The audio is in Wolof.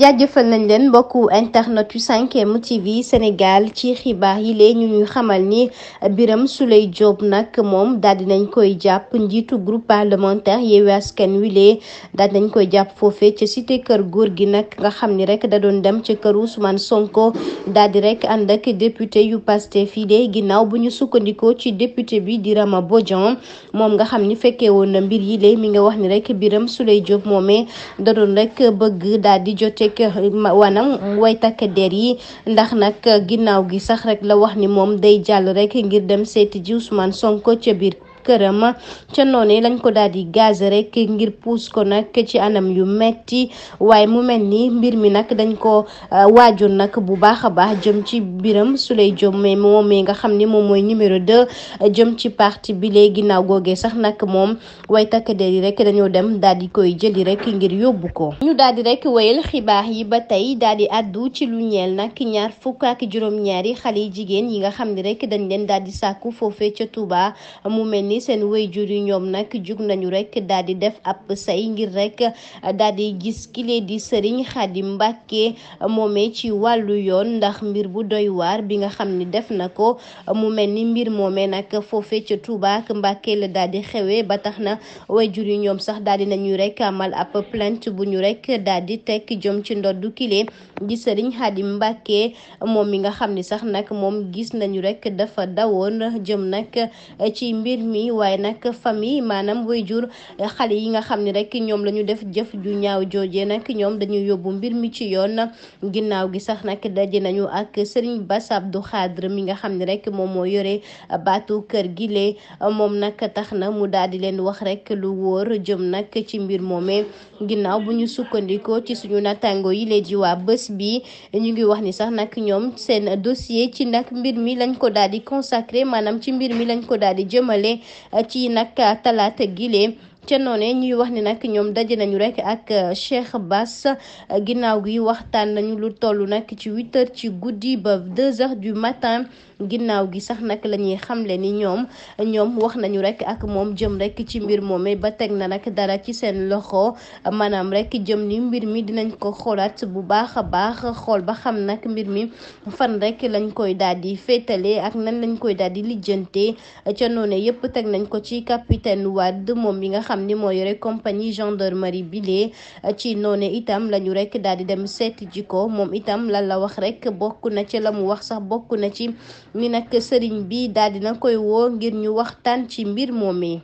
jaajëfal nañ leen mbokku internet yu 5M TV Sénégal ci xibaar yi lee ñu ñu xamal ni biram Souleye Diop nag moom daal di nañ koy jàpp njiitu groupe parlementaire Yewwi Askan Wi lee daal nañ koy jàpp foofe ca cité kër góor gi nag nga xam ni rek da doon dem ca kër Ousmane Sonko daal di rek ànd ak député yu Pastef fii lee ginnaaw bu ñu sukkandikoo ci député bi di Rama Bodian moom nga xam ni fekkee woon na mbir yi lee mi nga wax ni rek biram Souleye Diop moomee da doon rek wanam way takk der yi ndax nag ginnaaw gi sax rek la wax ni moom day jàll rek ngir dem seeti ji Ousmane Sonko ca biir këram ca noonu lañ ko daal di gaz rek ngir puus ko nag ci anam yu metti waaye mu mel ni mbir mi nag dañ ko euh, waajoon nag bu baax a baax jëm ci biram su Souleye Diome moomee nga xam ni moom mooy numéro 2 jëm ci parti bi léegi ginnaaw googee sax nag moom way takk der yi rek dañoo dem daal di koy jëli rek ngir yóbbu ko. ñu daal di rek wéyal yi ba tey daal di àddu ci lu ñeel nag ñaar fukk ak juróom-ñaari xale yi jigéen yi nga xam ni rek dañ leen daal di sàkku foofee ni seen wayjur yi ñoom nag jug nañu rek daal di def ab say ngir rek daal di gis kile di Serigne Khadim Mbacké moomee ci wàllu yoon ndax mbir bu doy bi nga xam ni def na ko mu mel ni mbir moomee nag foofee ca Touba daal di xewee ba tax na wayjur yi ñoom sax daal di nañu rek amal ab bu ñu rek daal di teg jom ci ndoddu kile di Serigne Khadim moom mi nga xam ni sax nag moom gis nañu rek dafa dawoon jëm nag ci mbir mi. waaye nag fami maanaam way jur xale yi nga xam ne rek ñoom la ñu def jëf ju ñaaw joojee nag ñoom dañuy yóbbu mbir mi ci yoon ginnaaw gi sax nag daje nañu ak Serigne Bass Abdou Khadre mi nga xam ne rek moom moo yore baatu kër gi lee moom nag tax na mu daal di leen wax rek lu wóor jëm nag ci mbir moomee ginnaaw bu ñu sukkandikoo ci suñu natango yi lee jiwaa bës bés bi ñu ngi wax ni sax nag ñoom seen dossier ci nag mbir mi lañ ko daal di consacré maanaam ci mbir mi lañ ko daal di jëmale ci nag talaata gile ca noonee ñuy wax ni nag ñoom daje nañu rek ak Cheikh Bass ginnaaw gi waxtaan nañu lu toll nag ci huit ci guddi ba deux heures du matin. ginnaaw gi sax nag la ñuy xamle ni ñoom ñoom wax nañu rek ak moom jëm rek ci mbir moomee ba teg na nag dara ci seen loxo maanaam rek jëm ni mbir mi dinañ ko xoolaat bu baax a baax xool ba xam nag mbir mi fan rek lañ koy daal di féetale ak nan lañ koy daal di lijjante ca noone yëpp teg nañ ko ci capitaine Wade moom mi nga xam ni moo yore compagnie gendarmerie bile ci noone itam lañu rek daal di dem seet ji ko moom itam lan la wax rek bokk na ci la mu wax sax bokk na ci. ni nag sëriñ bi daal na koy woor ngir ñu waxtaan ci mbir moomee